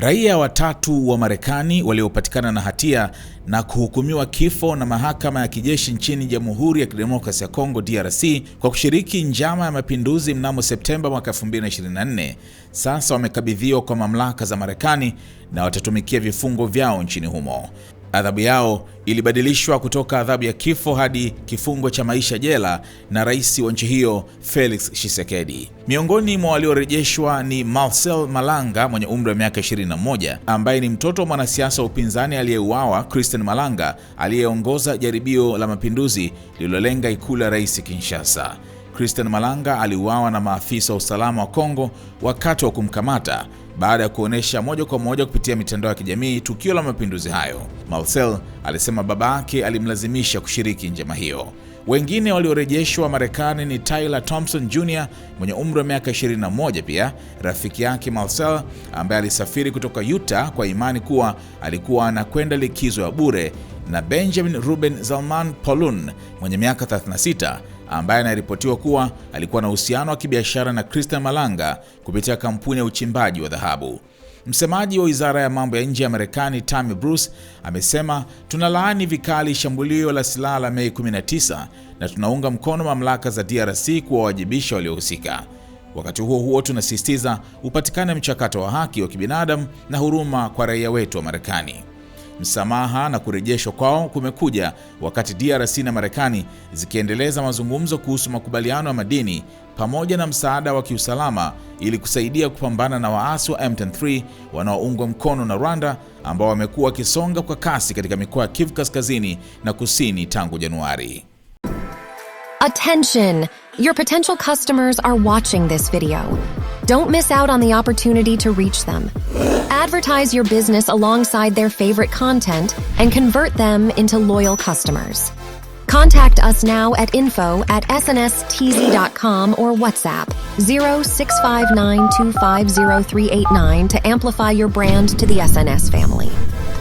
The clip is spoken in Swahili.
Raia watatu wa Marekani waliopatikana na hatia na kuhukumiwa kifo na mahakama ya kijeshi nchini Jamhuri ya Kidemokrasia ya Kongo DRC kwa kushiriki njama ya mapinduzi mnamo Septemba mwaka 2024 sasa wamekabidhiwa kwa mamlaka za Marekani na watatumikia vifungo vyao nchini humo. Adhabu yao ilibadilishwa kutoka adhabu ya kifo hadi kifungo cha maisha jela na rais wa nchi hiyo Felix Tshisekedi. Miongoni mwa waliorejeshwa ni Marcel Malanga mwenye umri wa miaka 21 ambaye ni mtoto wa mwanasiasa wa upinzani aliyeuawa Christian Malanga aliyeongoza jaribio la mapinduzi lililolenga ikulu ya rais Kinshasa. Christian Malanga aliuawa na maafisa wa usalama wa Kongo wakati wa kumkamata baada ya kuonesha moja kwa moja kupitia mitandao ya kijamii tukio la mapinduzi hayo. Marcel alisema baba yake alimlazimisha kushiriki njama hiyo. Wengine waliorejeshwa Marekani ni Tyler Thompson Jr mwenye umri wa miaka 21, pia rafiki yake Marcel ambaye alisafiri kutoka Utah kwa imani kuwa alikuwa anakwenda likizo ya bure, na Benjamin Ruben Zalman Polun mwenye miaka 36 ambaye anaripotiwa kuwa alikuwa na uhusiano wa kibiashara na Christian Malanga kupitia kampuni ya uchimbaji wa dhahabu. Msemaji wa Wizara ya Mambo ya Nje ya Marekani, Tammy Bruce, amesema tunalaani vikali shambulio la silaha la Mei 19 na tunaunga mkono mamlaka za DRC kuwawajibisha waliohusika. Wakati huo huo, tunasisitiza upatikane mchakato wa haki wa kibinadamu na huruma kwa raia wetu wa Marekani. Msamaha na kurejeshwa kwao kumekuja wakati DRC na Marekani zikiendeleza mazungumzo kuhusu makubaliano ya madini pamoja na msaada wa kiusalama ili kusaidia kupambana na waasi wa M23 wanaoungwa mkono na Rwanda ambao wamekuwa wakisonga kwa kasi katika mikoa ya Kivu Kaskazini na Kusini tangu Januari. Attention, your potential customers are watching this video. Don't miss out on the opportunity to reach them. advertise your business alongside their favorite content and convert them into loyal customers. Contact us now at info at snstz.com or WhatsApp 0659250389 to amplify your brand to the SNS family.